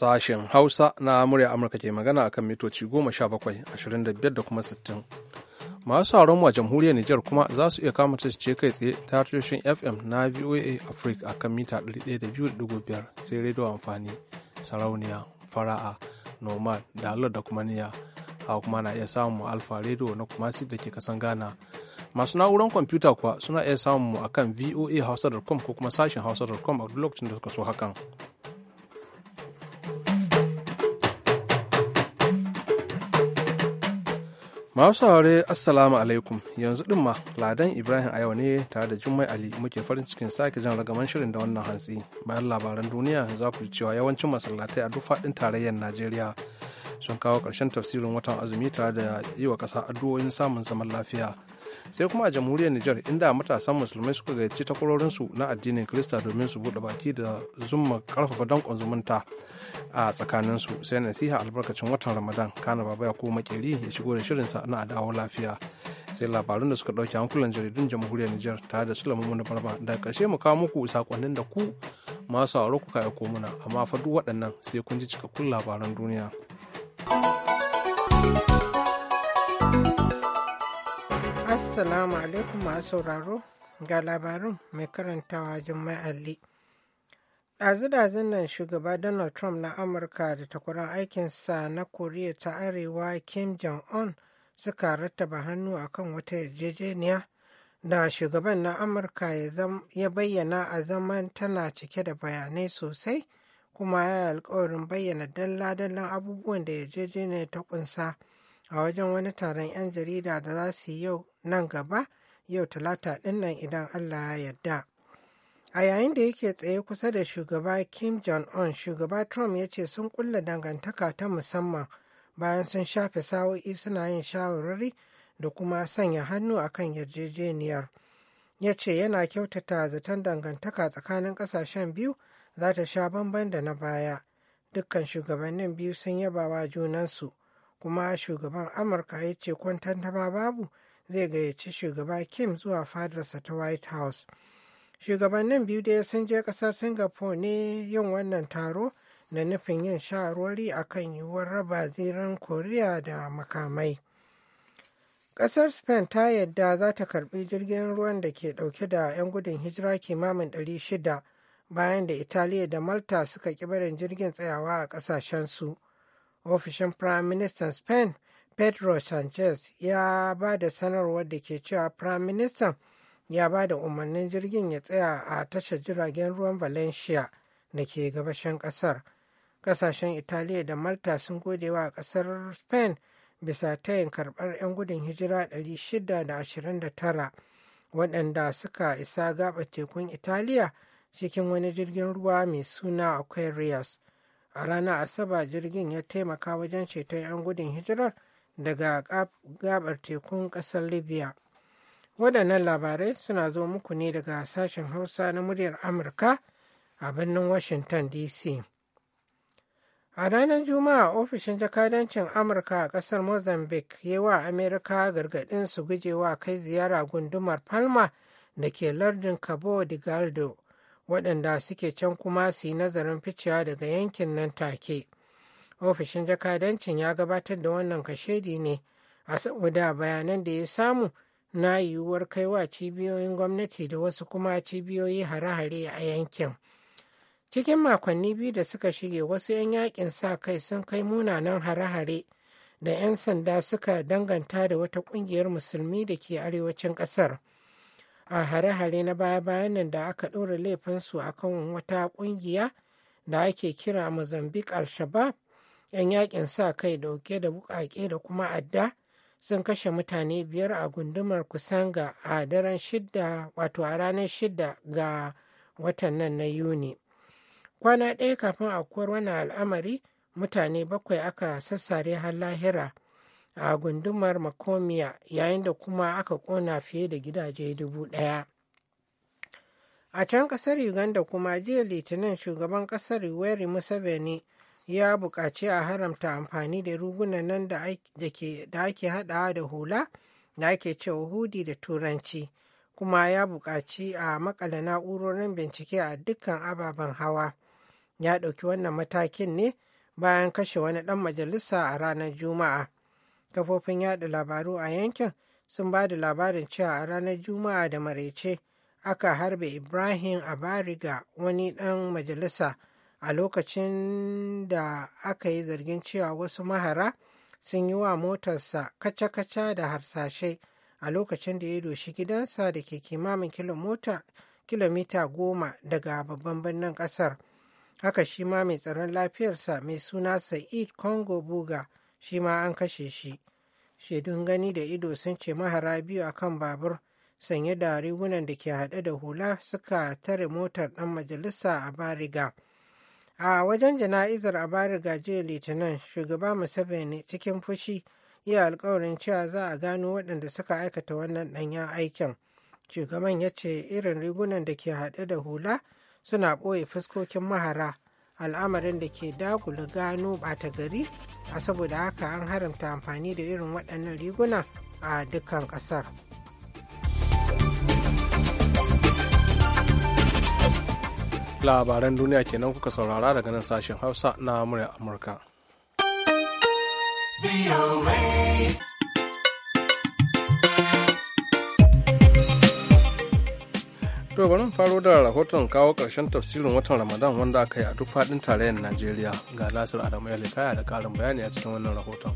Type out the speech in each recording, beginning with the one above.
Sashen Hausa na murya Amurka ke magana akan mitoci bakwai ashirin da kuma 60. Masu sauran a jamhuriyar Nijar kuma za su iya kama ce kai tsaye ta tashoshin FM na VOA Africa akan mita 102.5 sai rediyo amfani, sarauniya, fara'a, normal, dalar da kuma niya. a kuma na iya samun alfa rediyo na kumasi da ke kasan Ghana. masu na'urar kwamfuta kuwa suna iya samun mu akan hausa.com ko kuma sashen hausa.com a duk lokacin da suka so hakan. Masu saurare Assalamu alaikum yanzu din ma Ladan Ibrahim a yau ne tare da Jummai Ali muke farin cikin sake jan ragaman shirin da wannan hantsi bayan labaran duniya za ku ji cewa yawancin masallatai a duk faɗin tarayyar Najeriya sun kawo ƙarshen tafsirin watan azumi tare da yi wa ƙasa addu'o'in samun zaman lafiya. sai kuma a jamhuriyar Nijar inda matasan musulmai suka gayyaci takwarorinsu na addinin kirista domin su buɗe baki da zumma karfafa danƙon zumunta a tsakaninsu sai nasiha albarkacin watan ramadan kana baba ya ko makeri ya shigo da shirinsa na adawa lafiya sai labarun da suka ɗauke hankulan jaridun jamhuriyar nijar tare da sulaiman barba da ƙarshe mu kawo muku sakonnin da ku masu sauraro kuka ko muna amma fa duk waɗannan sai kun ji cikakkun labaran duniya. Assalamu alaikum masu sauraro ga labarin mai karantawa Jummai Ali. Ɗazu-ɗazun shugaba Donald Trump na Amurka da takwaran aikinsa na Koriya ta Arewa Kim Jong-un suka rattaba hannu a kan wata yarjejeniya da shugaban na Amurka ya bayyana a zaman tana cike da bayanai sosai kuma ya alkawarin bayyana dalla-dallan abubuwan da yarjejeniya ta kunsa. a wajen wani taron 'yan jarida da za su yi yau nan gaba yau talata dinnan idan allah ya yarda a yayin da yake tsaye kusa da shugaba kim jong-un shugaba trump ya ce sun kulla dangantaka ta musamman bayan sun shafe sa'o'i suna yin shawarwari da kuma sanya hannu a kan yarjejeniyar ya ce yana kyautata zaton dangantaka tsakanin ƙasashen biyu za ta sha bamban da na baya dukkan shugabannin biyu sun yaba wa junansu kuma shugaban amurka ya ce kwantantama babu zai gayyaci shugaba kim zuwa fadarsa ta white house shugabannin biyu da sun je kasar singapore ne yin wannan taro na nufin yin a kan yiwuwar raba zirin koriya da makamai kasar spain ta yadda za ta karbi jirgin ruwan da ke dauke da 'yan gudun hijira kimamin 600 bayan da italiya da malta suka ƙi barin jirgin tsayawa a kasashensu ofishin prime minister spain pedro sanchez ya ba da sanarwar da ke cewa prime minister ya ba da umarnin jirgin ya tsaya a tashar jiragen ruwan valencia da ke gabashin kasar kasashen italiya da malta sun gode wa kasar spain bisa ta tayin karbar 'yan gudun hijira 629 waɗanda suka isa gaba tekun italiya cikin wani jirgin ruwa mai suna aquarius a ranar Asaba jirgin ya taimaka wajen ceton 'yan gudun hijirar daga gabar tekun kasar libya waɗannan labarai suna zo muku ne daga sashen hausa na muryar amurka a birnin washington dc a ranar juma'a ofishin jakadancin amurka a ƙasar mozambique yi wa amerika gargaɗin su gujewa kai ziyara gundumar palma da ke lardin cabo delgado waɗanda suke can kuma su yi nazarin ficewa daga yankin nan take ofishin jakadancin ya gabatar da wannan kashedi ne a saboda bayanan da ya samu na yiwuwar kaiwa cibiyoyin gwamnati da wasu kuma cibiyoyi hare-hare a yankin cikin makonni biyu da suka shige wasu 'yan yakin sa kai sun kai munanan hare-hare da 'yan sanda suka danganta da wata kungiyar musulmi da ke arewacin kasar a hare-hare na baya-bayan nan da aka ɗora laifinsu a kan wata ƙungiya da ake kira mozambique al-shabab 'yan yakin sa kai dauke da buƙaƙe da kuma adda sun kashe mutane biyar a gundumar kusanga a daren shidda wato a ranar shida ga watan nan na yuni kwana ɗaya kafin a wannan al'amari mutane bakwai aka sassare har lahira a gundumar makomiya yayin da kuma aka kona fiye da gidaje dubu ɗaya. a can kasar uganda kuma jiya litinin shugaban kasar yoweri museveni ya buƙaci a haramta amfani da rugunan nan da ake haɗawa da hula da ake cewa hudi da turanci kuma ya buƙaci a makala na'urorin bincike a dukkan ababen hawa ya ɗauki wannan matakin ne bayan kashe wani ɗan majalisa a ranar juma'a kafofin yaɗa labaru a yankin sun ba da labarin cewa a ranar juma'a da maraice aka harbe ibrahim abariga wani ɗan majalisa a lokacin da aka yi zargin cewa wasu mahara sun yi wa motarsa kaca-kaca da harsashe a lokacin da ya doshi gidansa da ke kimamin kilomita goma daga babban birnin ƙasar haka shi ma mai tsaron lafiyarsa mai suna sa'id congo buga shi ma an kashe shi shaidun gani da ido sun ce mahara biyu a kan babur sanye da rigunan da ke haɗe da hula suka tare motar ɗan majalisa a bariga a wajen jana'izar a bariga jiya litinin shugaba museveni cikin fushi iya alkawarin cewa za a gano waɗanda suka aikata wannan ɗanya aikin shugaban ya ce irin rigunan da ke haɗe da hula suna ɓoye fuskokin mahara al'amarin da ke dagula gano bata gari a saboda haka an haramta amfani da irin waɗannan riguna a dukkan ƙasar. labaran duniya kenan kuka saurara daga nan sashen hausa na murya amurka. To bari faro da rahoton kawo ƙarshen tafsirin watan Ramadan wanda aka yi a duk faɗin tarayyar Najeriya ga lasir Adamu ya da ƙarin bayani a cikin wannan rahoton.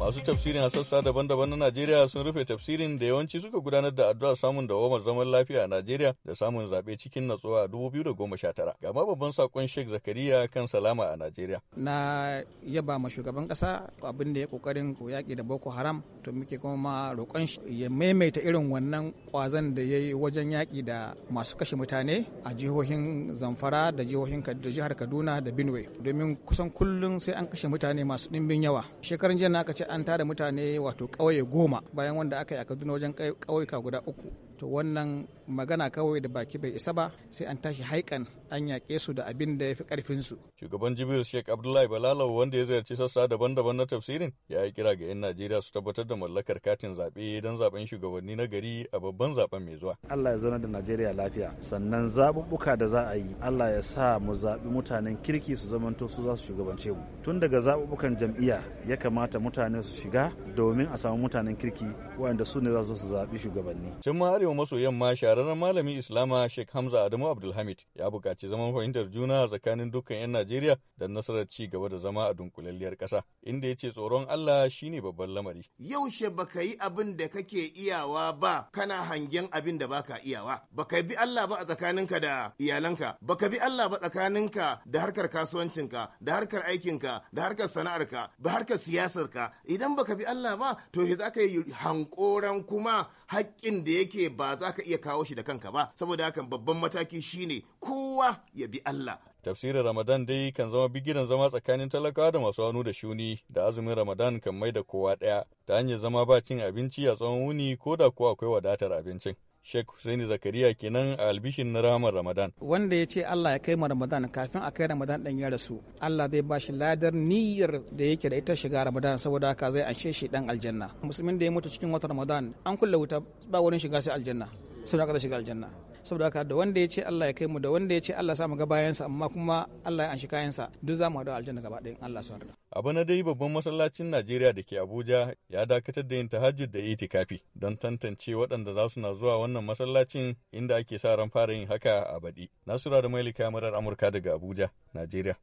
Masu tafsirin a sassa daban-daban na Najeriya sun rufe tafsirin da yawanci suka gudanar da addu'a samun dawamar zaman lafiya a Najeriya da samun zaɓe cikin natsuwa a 2019. Ga ma babban sakon Sheikh Zakariya kan salama a Najeriya. Na yaba ma shugaban ƙasa abin da ya kokarin ko yaƙi da Boko Haram to muke kuma ma roƙon shi ya maimaita irin wannan ƙwazon da ya yi wajen yaƙi da masu kashe mutane a jihohin Zamfara da jihohin jihar Kaduna da Benue domin kusan kullum sai an kashe mutane masu ɗimbin yawa. Shekaran jiya na aka ce an tada mutane wato ƙauye goma bayan wanda aka yi a kaduna wajen ƙauyuka guda uku to wannan magana kawai da baki bai isa ba sai an tashi haikan an yaƙe su da abin da ya fi su Shugaban Jibril Sheikh Abdullahi Balalawo wanda ya ziyarci sassa daban-daban na tafsirin ya yi kira ga 'yan Najeriya su tabbatar da mallakar katin zaɓe don zaɓen shugabanni na gari a babban zaɓen mai zuwa. Allah ya zauna da Najeriya lafiya sannan zaɓuɓɓuka da za a yi Allah ya sa mu zaɓi mutanen kirki su zamanto su za su shugabance mu. Tun daga zaɓuɓɓukan jam'iyya ya kamata mutane su shiga domin a samu mutanen kirki waɗanda su ne za su zaɓi shugabanni. Cin ma wa maso yamma shahararren malamin Islama Sheikh Hamza Adamu Abdulhamid ya buƙaci zaman fahimtar juna tsakanin dukkan 'yan Najeriya da nasarar ci gaba da zama a dunkulalliyar ƙasa, inda ya ce tsoron Allah shine babban lamari. Yaushe baka yi abin da kake iyawa ba kana hangen abin da baka iyawa. Baka bi Allah ba a tsakaninka da iyalanka, baka bi Allah ba tsakaninka da harkar kasuwancinka, da harkar aikinka, da harkar sana'arka, da harkar siyasarka. Idan baka bi Allah ba to za ka yi hankoran kuma haƙƙin da yake ba za ka iya kawo shi da kanka ba saboda hakan babban mataki shine kowa ya bi Allah tafsirin ramadan dai kan zama bigiran zama tsakanin talakawa da masu hannu da shuni da azumin ramadan kan mai da kowa ɗaya ta hanyar zama ba cin abinci a tsawon wuni ko da kuwa akwai wadatar abincin Sheikh Hussaini Zakariya kenan a albishin na ramar Ramadan. Wanda ya ce Allah ya kai ma Ramadan kafin a kai Ramadan ɗan ya rasu. Allah zai ba shi ladar niyyar da yake da ita shiga Ramadan saboda haka zai anshe shi dan aljanna. Musulmin da ya mutu cikin watan Ramadan an kulle wuta ba wurin shiga sai aljanna. Saboda haka zai shiga aljanna. saboda haka da wanda ya ce Allah ya kai mu da wanda ya ce Allah sa mu ga bayansa amma kuma Allah ya anshi kayansa duk za mu haɗu aljanna gaba ɗaya Allah su harda. Abu na dai babban masallacin Najeriya da ke Abuja ya dakatar da yin tahajjud da itikafi don tantance waɗanda za su na zuwa wannan masallacin inda ake sa ran fara yin haka a baɗi. Nasura da maili marar Amurka daga Abuja, Najeriya.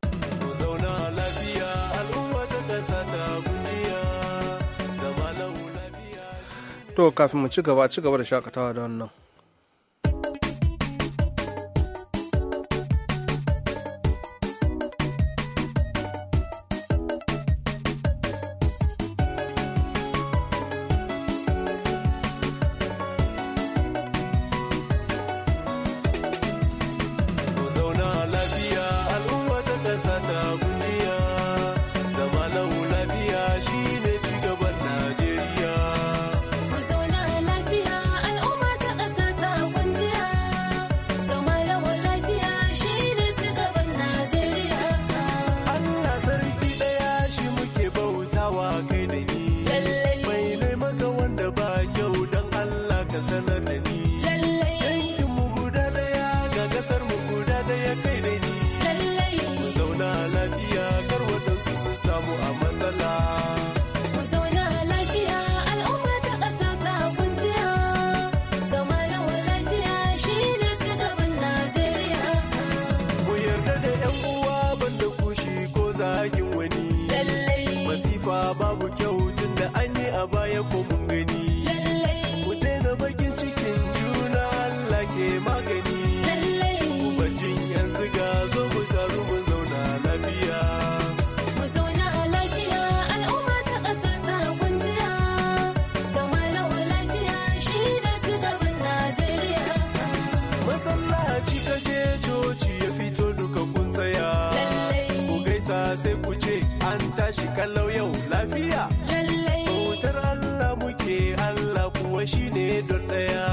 To kafin mu ci gaba, ci gaba da shakatawa da wannan. masifa babu kyau tun da an yi a baya ko mun kalau yau lafiya bautar Allah muke Allah kuwa shine don daya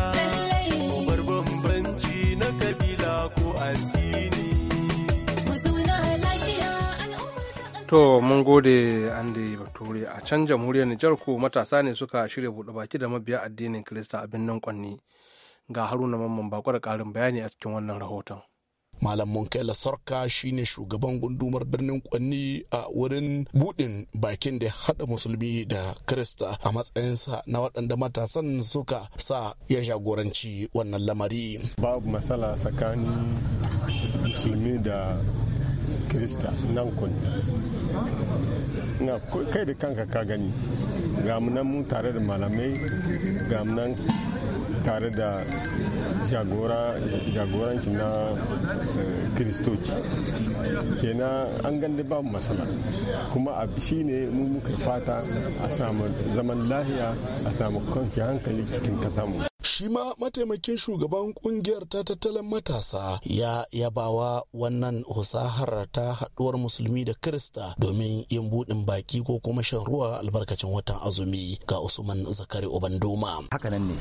bar bambanci na kabila ko addini To mun gode an Andy Bature a can jamhuriyar Nijar ko matasa ne suka shirya buɗe baki da mabiya addinin Kirista a birnin Kwanni. Ga Haruna Mamman bako da ƙarin bayani a cikin wannan rahoton. Malam Munkaila Sarka shi ne shugaban gundumar birnin Kwanni a wurin budin bakin da haɗa musulmi da Krista a matsayinsa na waɗanda matasan suka sa ya jagoranci wannan lamari. Babu matsala tsakanin musulmi da Krista nan Kwanni. kai da kanka ka gani, gamunan mu tare da malamai, gamunan tare da jagoranci na eh, kiristoci kenan an gande babu matsala kuma a shi ne mu muka fata a samu zaman lahiya a samu kwanke hankali cikin kasamu shi ma mataimakin shugaban kungiyar ta tattalin matasa ya yabawa wannan husahar ta haduwar musulmi da kirista domin yin buɗin baki ko kuma shan ruwa albarkacin watan azumi ga usman zakari obandoma hakanan ne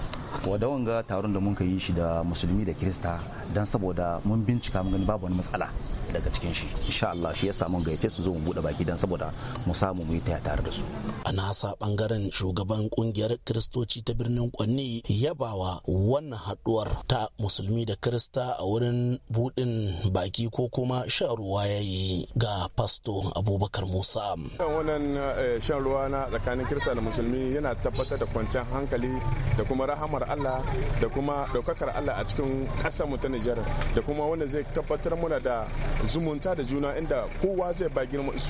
wadda wanga taron da mun yi shi da musulmi da kirista don saboda mun bincika mun gani babu wani matsala daga cikin shi insha Allah shi yasa mun gayyace su zo mu buɗe baki dan saboda mu samu mu yi taya tare da su a nasa bangaren shugaban kungiyar kristoci ta birnin Kwanni yabawa cewa wannan haɗuwar ta musulmi da kirista a wurin buɗin baki ko kuma shan ruwa ya yi ga fasto abubakar musa wannan eh, shan ruwa na tsakanin kirista da musulmi yana tabbatar da kwanciyar hankali da kuma rahamar allah da kuma ɗaukakar allah a cikin ƙasar mu ta nijar da kuma wanda zai tabbatar muna da zumunta da juna inda kowa zai ba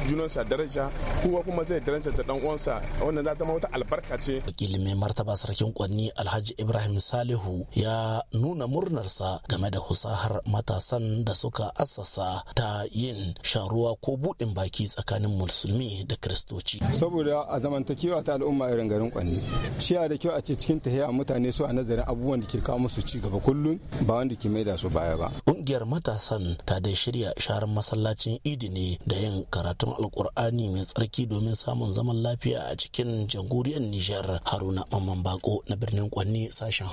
junansa daraja kowa kuma zai darajanta dan uwansa wannan za ta wata albarka ce wakilin mai martaba sarkin kwanni alhaji ibrahim Salihu ya nuna murnarsa game da husahar matasan da suka assasa ta yin shan ruwa ko buɗin baki tsakanin musulmi da kiristoci. Saboda a zamantakewa ta al'umma irin garin kwanne shi da kyau a ce cikin tahiya mutane su a nazarin abubuwan da ke kawo musu ci gaba kullum ba wanda ke maida su baya ba. Ƙungiyar matasan ta dai shirya sharar masallacin idi ne da yin karatun alkur'ani mai tsarki domin samun zaman lafiya a cikin jamhuriyar Nijar Haruna Mamman Bako na birnin Kwanni sashen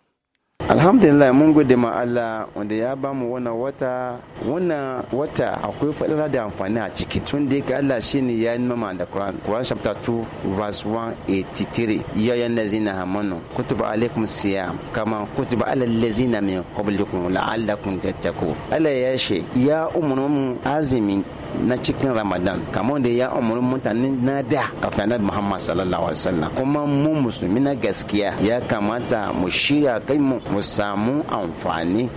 alhamdulillah mun gode ma Allah wanda ya ba mu wannan wata wannan wata akwai fadila da amfani a ciki tun da yake Allah shine ya yi mama da Quran Quran chapter 2 verse 183 ya yan lazina hamanu kutuba alaikum siyam kama kutuba alal lazina min qablikum la'allakum tattaqun Allah ya she ya umunu azimi na cikin ramadan kamar da ya umarni mutane na da kafin annabi muhammad sallallahu alaihi wasallam kuma mu musulmi na gaskiya ya kamata mu shirya kai mu mu samu amfani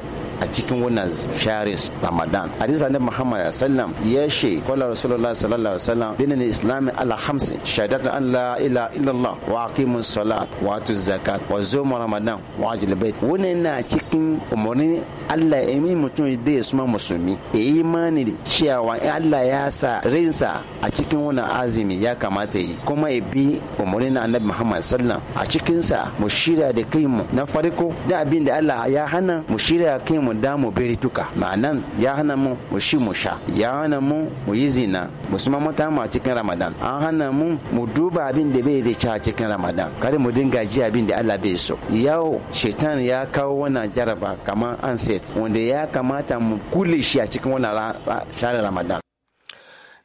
a cikin wannan sharis ramadan hadisa na muhammad sallam ya she kwallon rasulullah sallallahu sallam binin islami ala hamsin shaidatun an la ila illallah wa aqimu salat wa atu zakat wa zuwa ramadan wa ajil bait wannan na cikin umarni allah ya yi mutum da ya suma musulmi ya yi imani da cewa allah ya sa rinsa a cikin wannan azumi ya kamata yi kuma ya bi umarni na annabi muhammad sallam a cikinsa mu shirya da mu. na farko da abin da allah ya hana mu shirya kai mu da mu beri tuka ma'anan ya hana mu mu shi mu sha ya hana mu mu yi zina suma mata mu a cikin ramadan an hana mu mu duba abin da bai zai ci a cikin ramadan kare mu dinga ji abin da allah bai so yau shaitan ya kawo wannan jaraba kamar anset wanda ya kamata mu kule shi a cikin wannan share ramadan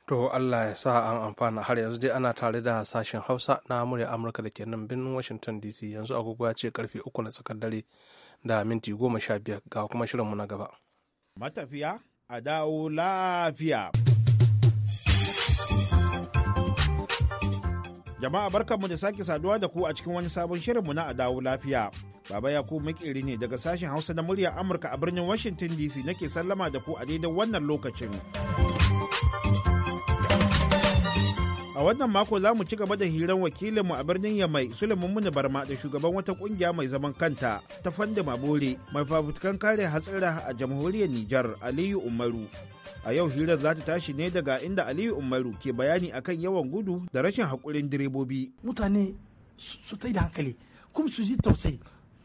To Allah ya sa an amfana har yanzu dai ana tare da sashen Hausa na murya Amurka da ke nan birnin Washington DC yanzu agogo ya ce karfe uku na tsakar dare da minti goma sha biyar ga kuma shirinmu na gaba. Matafiya a dawo lafiya. Jama'a barkanmu da sake saduwa da ku a cikin wani sabon shirinmu na a dawo lafiya. Baba ya Yakubu Makeri ne daga sashen Hausa na muryar Amurka a birnin Washington DC nake sallama da ku a daidai wannan lokacin. A wannan mako za mu ci gaba da hiran wakilinmu a birnin Yamai Suleiman Muni Barma da shugaban wata kungiya mai zaman kanta ta fanda Mabore mai fafutukan kare hatsira a jamhuriyar Nijar Aliyu Umaru. A yau hirar za ta tashi ne daga inda Aliyu Umaru ke bayani akan yawan gudu da rashin haƙurin direbobi. Mutane su ta da hankali kuma su ji tausayi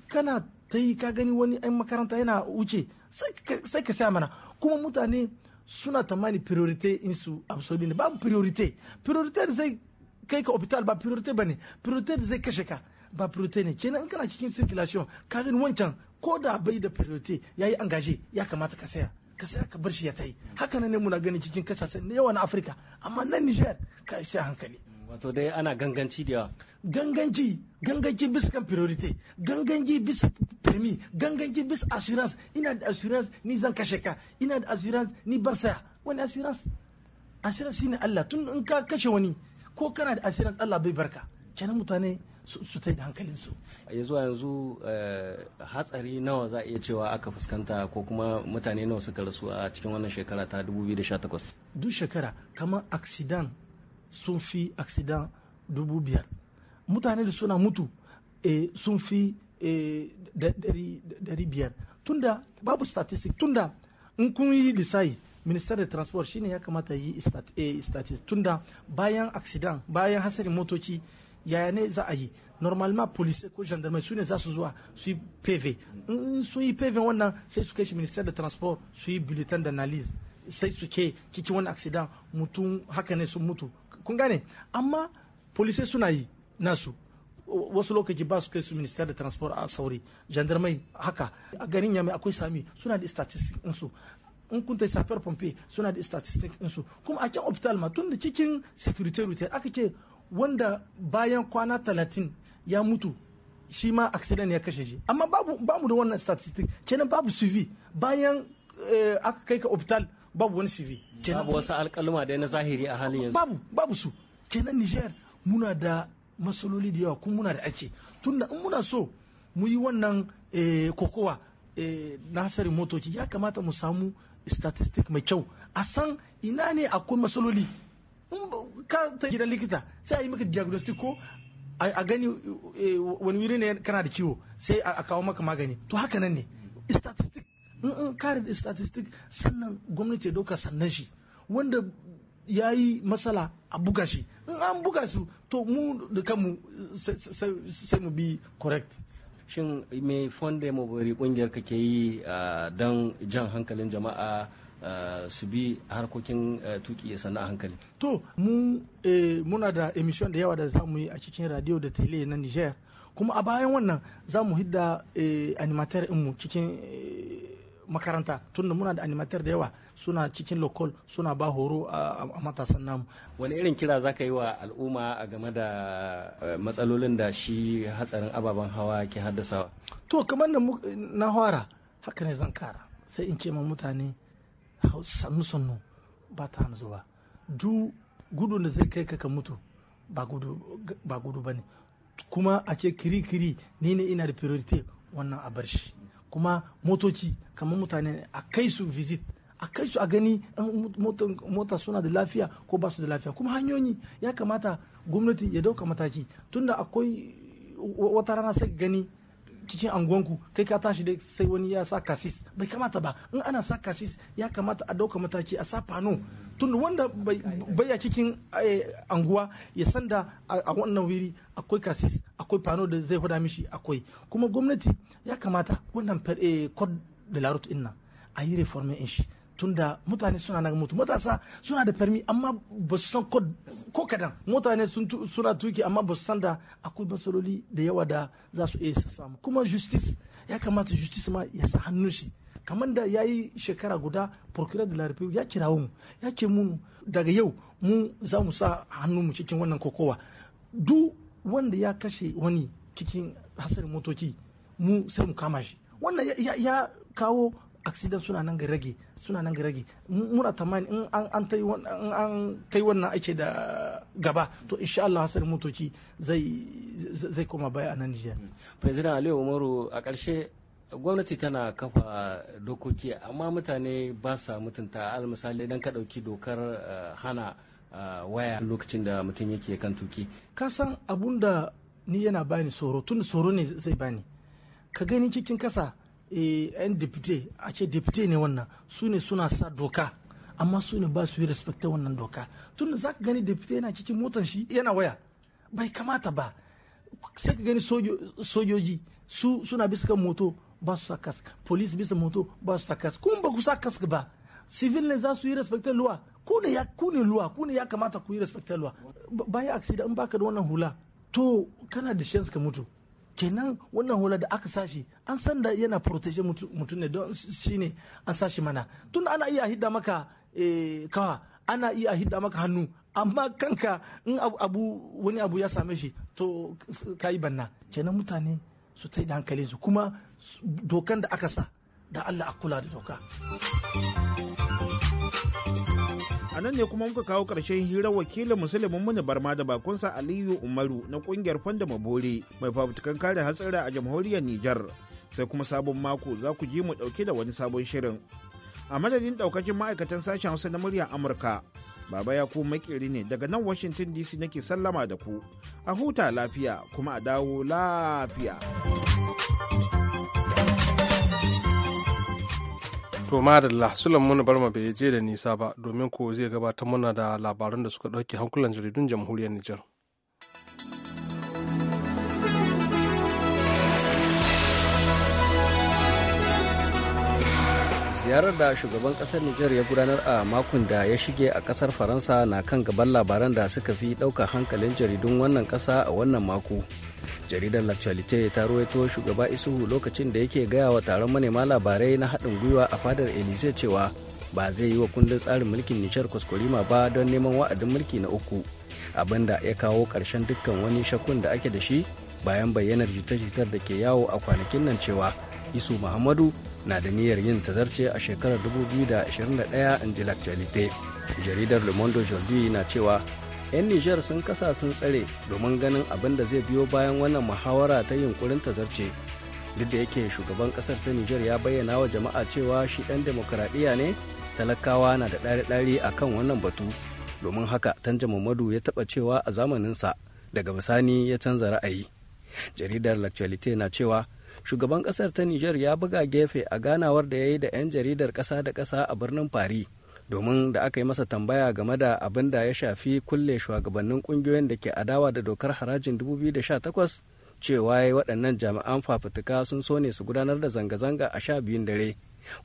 kana ta yi ka gani wani 'yan makaranta yana wuce sai ka sai mana kuma mutane suna tamani priorite su absolu ne babu priorite priorite da zai kai ka hospital ba priorite ba ne priorite da zai kashe ka ba priorite ne kenan in kana cikin circulation ka gani wancan ko da bai da priorite ya yi angaje ya kamata ka saya ka saya ka bar shi ya tayi haka ne muna gani cikin kasashen yawa na Afirka amma nan Niger ka sai hankali wato dai ana ganganci da yawa ganganci ganganci bis kan priority ganganci bis permi ganganci bis assurance ina da assurance ni zan kashe ka ina da assurance ni bar saya wani assurance assurance shine Allah tun in ka kashe wani ko kana da assurance Allah bai barka kenan mutane su ta da hankalinsu ya zuwa yanzu eh, hatsari nawa za a iya cewa aka fuskanta ko kuma mutane nawa suka rasu a cikin wannan shekara ta 2018 duk shekara kamar accident sun fi accident dubu biyar mutane da suna mutu e, sun fi e, dari biyar tunda babu statistic tunda in kun yi lisai minister da transport shine ya kamata yi eh, statistic tunda bayan accident bayan hasarin motoci yaya ne za a yi normalement police ko gendarme su ne za su zuwa su yi pv in su yi pv wannan sai su kai shi minister da transport su yi bulletin d'analyse sai su ke cikin wani accident mutum haka ne sun mutu kun gane amma polisai suna yi nasu wasu lokaci ba su kai su minister da transport a sauri gendarmai haka a garin yamai akwai sami suna da statistics su in kun ta safiyar pompe suna da statistics su kuma a kyan hospital ma tun da cikin security routine aka ce wanda bayan kwana talatin ya mutu shi ma accident ya kashe shi amma babu mu da wannan statistic kenan babu suvi bayan eh, aka kai ka hospital babu wani CV babu wasu alkaluma da na zahiri a halin yanzu babu babu su kenan Niger muna da masaloli da yawa kuma muna da ake tunda in muna so mu yi wannan eh, kokowa eh, na nasarin motoci ya kamata mu samu statistic mai kyau a san ina ne akwai masaloli ka ta gidan likita sai a yi maka diagnostic ko a gani eh, wani wuri ne kana da ciwo sai a kawo maka magani to haka nan ne statistic in kare statistik sannan gwamnati ya dauka sannan shi wanda ya yi matsala a buga shi in an buga su to mu da kanmu sai mu bi correct shin mai fonde bari kungiyar ka ke yi don jan hankalin jama'a su bi harkokin tuki ya sana hankali to mu e, muna da emission da yawa da za mu yi a cikin radio da tele na niger kuma a bayan wannan za mu hidda e, animatar mu cikin e, makaranta tunda muna da animatar da yawa suna cikin lokal suna ba horo a matasan namu wani irin kira za ka yi wa al'umma a game da eh, matsalolin da shi hatsarin ababen hawa ke haddasawa to kamar da na hawara haka ne zan kara sai in ce ma mutane sannu sannu ba ta hanzu ba du gudun da zai kai ka mutu ba gudu ba ne kuma a ce kiri kiri ni ne ina da priority wannan a bar shi kuma motoci kamar mutane a kai su visit a kai su a gani mota suna da lafiya ko ba su da lafiya kuma hanyoyi ya kamata gwamnati ya dauka mataki tunda akwai wata rana sai gani cikin anguwanku kai ka tashi dai sai wani ya sa kasis bai kamata ba in ana sa kasis ya kamata a dauka mataki a sa fano tun wanda baya cikin eh, anguwa ya sanda a wannan wiri akwai kasis akwai fano da zai hada mishi akwai kuma gwamnati ya kamata wannan kod eh, da larut inna a yi reformin shi tunda mutane suna nan mutu matasa suna da farmi amma ba su san ko kadan mutane suna tuki amma ba su san da akwai matsaloli da yawa da za su iya samu kuma justice ya kamata justice ma ya sa hannun shi kamar da ya yi shekara guda procureur de la ya kira mu ya ke mu daga yau mu za mu sa hannu mu cikin wannan kokowa duk wanda ya kashe wani cikin hasarin motoci mu sai mu kama shi wannan ya kawo accident suna nan ga rage suna nan ga rage muna tamani in an kai an wannan ake da gaba to insha Allah hasar motoci zai koma baya a Najeriya hmm. president Aliyu Umaru a ƙarshe gwamnati tana kafa dokoki amma mutane ba sa mutunta al misali dan ka ɗauki dokar eh, hana eh, waya lokacin da mutum yake kan tuki ka san abun da ni yana bani tsoro tun tsoro ne zai bani ka gani cikin kasa 'yan eh, dipte a ce dipte ne wannan su ne suna sa doka amma su ne ba su yi respecta wannan doka tun da zaka gani dipte yana cikin motar shi yana waya bai kamata ba sai ka gani sojoji su suna bisa kan moto ba su sa kask police bisa moto ba su sa kask kuma ba ku sa kask ba civil ne za su yi respecta luwa ku ne ya ku ne luwa ku ne ya kamata ku yi respecta luwa ya accident in baka da wannan hula to kana da chance ka mutu kenan wannan hula da aka sashi an san da yana protege mutum ne don shine an sashi mana tun ana iya hidda maka eh, kawa ana iya hidda maka hannu amma kanka in abu wani abu ya same shi to ka yi banna kenan mutane su ta da hankali su kuma dokan da aka sa da Allah a kula da doka. a nan ne kuma muka kawo ƙarshen hirar wakilin musulmin muni barma da bakunsa aliyu umaru na ƙungiyar fanda mabore mai fafutukan kare hatsari a jamhuriyar nijar sai kuma sabon mako za ku ji mu ɗauke da wani sabon shirin a madadin ɗaukacin ma'aikatan sashen hausa na muryar amurka baba ya ku makeri ne daga nan washington dc nake sallama da ku a huta lafiya kuma a dawo lafiya. To madalla Sulaiman Barma bai je da nisa ba domin ko zai gabatar mana da labaran da suka ɗauke hankulan jaridun jamhuriyar Nijar. ziyarar da shugaban kasar Nijar ya gudanar a makon da ya shige a kasar Faransa na kan gaban labaran da suka fi ɗaukar hankalin jaridun wannan ƙasa a wannan mako. jaridar l'actualité ta ruwaito shugaba isuhu lokacin da yake gaya wa taron manema labarai na haɗin gwiwa a fadar elise cewa ba zai yi wa kundin tsarin mulkin nishar kwaskwarima ba don neman wa'adin mulki na uku abin da ya kawo karshen dukkan wani shakun da ake da shi bayan bayyanar jitar jitar da ke yawo a kwanakin nan cewa isu muhammadu na da niyyar yin tazarce a shekarar 2021 in ji l'actualité jaridar le monde na cewa 'yan nijar sun kasa sun tsare domin ganin abin da zai biyo bayan wannan muhawara ta yunkurin zarce. duk da yake shugaban kasar ta nijar ya bayyana wa jama'a cewa shi ɗan demokradiyya ne talakawa na da ɗari-ɗari a kan wannan batu domin haka tanja mamadu ya taɓa cewa a zamaninsa daga bisani ya canza ra'ayi jaridar l'actualité na cewa shugaban kasar ta nijar ya buga gefe a ganawar da ya yi da 'yan jaridar ƙasa da ƙasa a birnin paris domin da aka yi masa tambaya game da abin da ya shafi kulle shugabannin kungiyoyin da ke adawa da dokar harajin 2018 cewa waɗannan jami'an fafutuka sun so ne su gudanar da zanga-zanga a sha biyun dare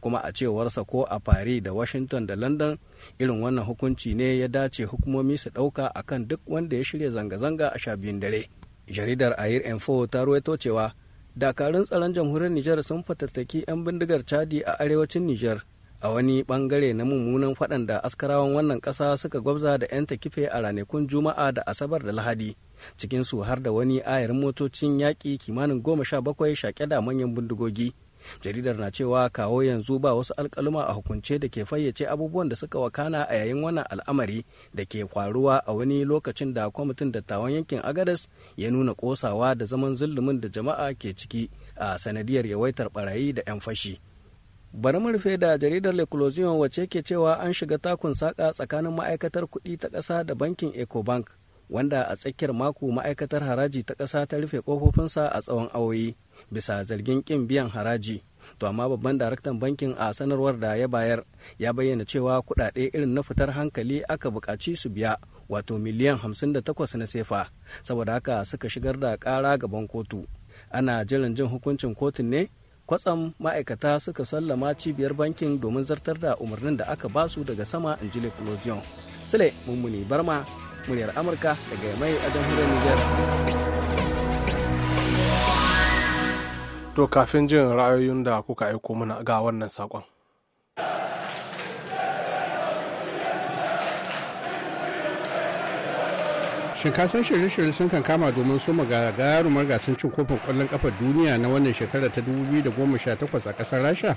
kuma a cewarsa ko a fari da washington da london irin wannan hukunci ne ya dace hukumomi su ɗauka akan duk wanda ya shirya zanga-zanga a sha biyun dare jaridar air info ta ruwaito cewa dakarun tsaron jamhuriyar niger sun fatattaki 'yan bindigar chadi a arewacin niger a wani bangare na mummunan faɗan da askarawan wannan ƙasa suka gwabza da 'yan kife a ranakun juma'a da asabar da lahadi cikin su har da wani ayar motocin yaƙi kimanin goma sha bakwai shaƙe da manyan bindigogi jaridar na cewa kawo yanzu ba wasu alkaluma a hukunce da ke fayyace abubuwan da suka wakana a yayin wannan al'amari da ke kwaruwa a wani lokacin da kwamitin dattawan yankin agadas ya nuna kosawa da zaman zulumin da jama'a ke ciki a sanadiyar yawaitar barayi da 'yan fashi bari mu rufe da jaridar l'eclosion wacce ke cewa an shiga takun saka tsakanin ma'aikatar kuɗi ta ƙasa da bankin ecobank wanda a tsakiyar mako ma'aikatar haraji ta ƙasa ta rufe ƙofofinsa a tsawon awoyi bisa zargin ƙin biyan haraji to amma babban daraktan bankin a sanarwar da ya bayar ya bayyana cewa kuɗaɗe irin na fitar hankali aka bukaci su biya wato miliyan 58 na sefa saboda haka suka shigar da ƙara gaban kotu ana jiran jin hukuncin kotun ne kwatsam ma'aikata suka sallama cibiyar bankin domin zartar da umarnin da aka ba su daga sama in ji sule mummuni barma muryar amurka daga mai a jamhuriyar niger to kafin jin ra'ayoyin da kuka aiko mana ga wannan sakon Shin ka san shirye-shirye sun kan kama domin su gagarumar gasar cin kofin kwallon kafa duniya na wannan shekara ta 2018 a kasar Rasha?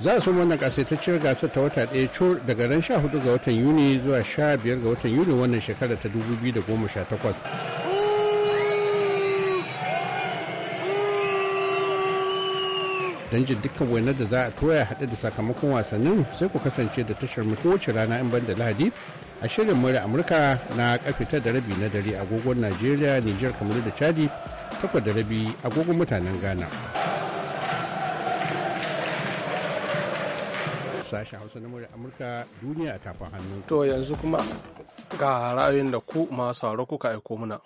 za su wannan kasaitacciyar gasar ta wata ɗaya cur daga ran 14 ga watan yuni zuwa 15 ga watan yuni wannan shekara ta 2018 don jin dukkan wainar da za a toya haɗe da sakamakon wasannin sai ku kasance da tashar mu kowace rana in ban da lahadi a shirin mura amurka na karfe da rabi na dare agogon najeriya niger kamar da chadi takwa da rabi agogon mutanen ghana sashen hausa na mura amurka duniya a tafin hannu to yanzu kuma ga ra'ayin da ku masu kuka aiko muna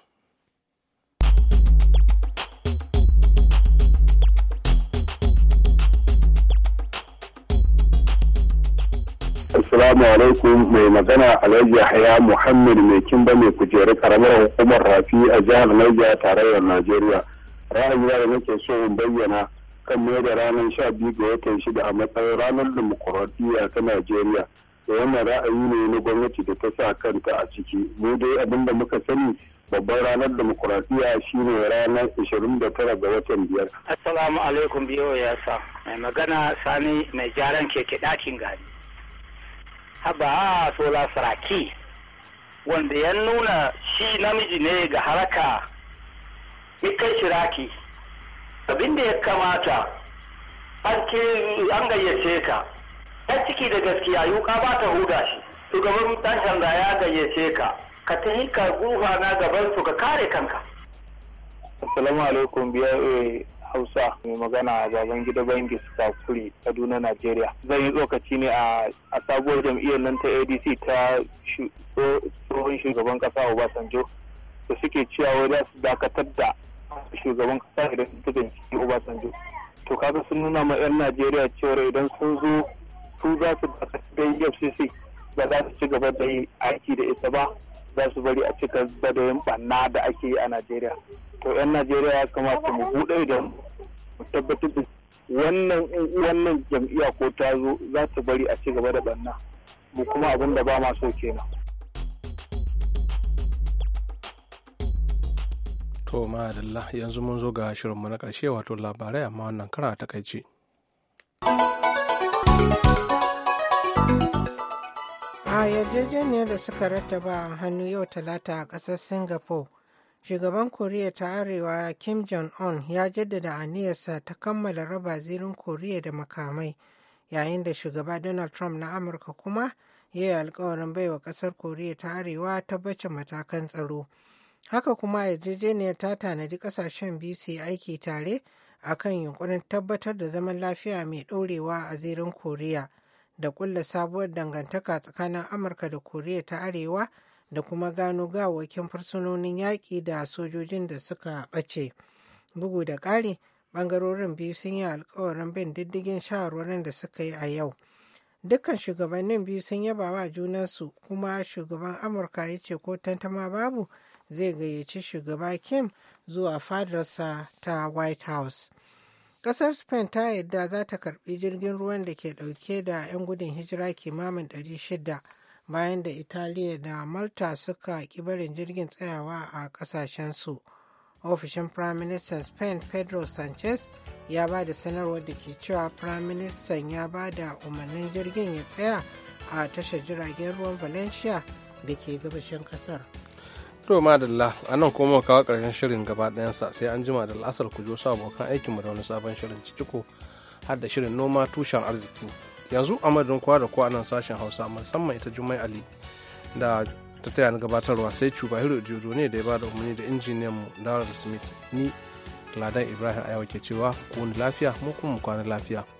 Assalamu alaikum mai magana Alhaji Yahaya Muhammad mai kimba mai kujeru karamar hukumar Rafi a jihar Niger tarayyar Najeriya. Ra'ayi da nake so in bayyana kan mai da ranar sha biyu ga watan shida a matsayin ranar dimokuraɗiyya ta Najeriya. Da wannan ra'ayi ne na gwamnati da ta sa kanta a ciki. Mu dai abin da muka sani babban ranar demokuraɗiyya shine ranar 29 ga watan biyar. Assalamu alaikum biyo ya sa mai magana sani mai gyaran keke ɗakin gari. haba sola saraki wanda ya nuna shi namiji ne ga haraka ya kai shiraki abin ya kamata an gayyace ka ɗan ciki da gaskiya yuka ba ta huda shi shugaban ɗan shanga ya gayyace ka ka ta ka gufa na gaban su ka kare kanka assalamu alaikum biya hausa mai magana baban gida bangis kakuri kaduna najeriya zan yi tsokaci ne a sabuwar jam'iyyar nan ta adc ta tsohon shugaban kasa obasanjo da suke cewa za su dakatar da shugaban kasa idan ta binciki obasanjo to kaga sun nuna ma 'yan najeriya cewa idan sun zo su za su dakatar da e ba za su ci gaba da yin aiki da ita ba za su bari a cika badayin banna da ake yi a najeriya to 'yan najeriya ya kamata mu buɗe da mu tabbatar da wannan wannan jam'iyya ko ta zo za ta bari a ci gaba da banna mu kuma abin da ba ma so kenan to ma'adalla yanzu mun zo ga shirinmu na ƙarshe wato labarai amma wannan kara takaici. a yarjejeniyar da suka rattaba a hannu yau talata a ƙasar singapore shugaban koriya ta arewa kim jong-un ya jaddada aniyarsa ta kammala raba zirin koriya da makamai yayin da shugaba donald trump na amurka kuma ya yi alkawarin wa ƙasar koriya ta arewa tabbacin matakan tsaro haka kuma yarjejeniyar ta tanadi ƙasashen biyu su yi aiki tare a kan yunkurin tabbatar da zaman lafiya mai ɗorewa a zirin koriya da kulla sabuwar dangantaka tsakanin amurka da koriya ta arewa da kuma gano gawakin fursunonin yaƙi da sojojin da suka ɓace bugu da ƙari ɓangarorin biyu sun yi alkawarin bin diddigin shawarwarin da suka yi a yau dukkan shugabannin biyu sun yaba wa junansu kuma shugaban amurka ya ce ko tantama babu zai gayyaci shugaba kim zuwa fadarsa ta white house Kasar Spain ta yadda za ta karbi jirgin ruwan da ke dauke da 'yan gudun hijira kimamin 600 bayan da Italiya da Malta suka ƙi barin jirgin tsayawa a su, Ofishin Prime Minister Spain Pedro Sanchez ya ba da sanarwar da ke cewa Prime Minister ya ba da umarnin jirgin ya tsaya a tashar jiragen ruwan Valencia da ke gabashin kasar. To madalla a nan kuma kawo ƙarshen shirin gaba sa sai an jima da la'asar ku su abokan aikinmu da wani sabon shirin ciciko har da shirin noma tushen arziki. Yanzu a madadin kowa da kowa nan sashen Hausa musamman ita Jummai Ali da ta taya na gabatarwa sai cuba hiro Jojo ne da ya bada umarni da injiniyan mu dawar Smith ni Ladan Ibrahim Ayawa ke cewa ku lafiya mu kuma mu kwana lafiya.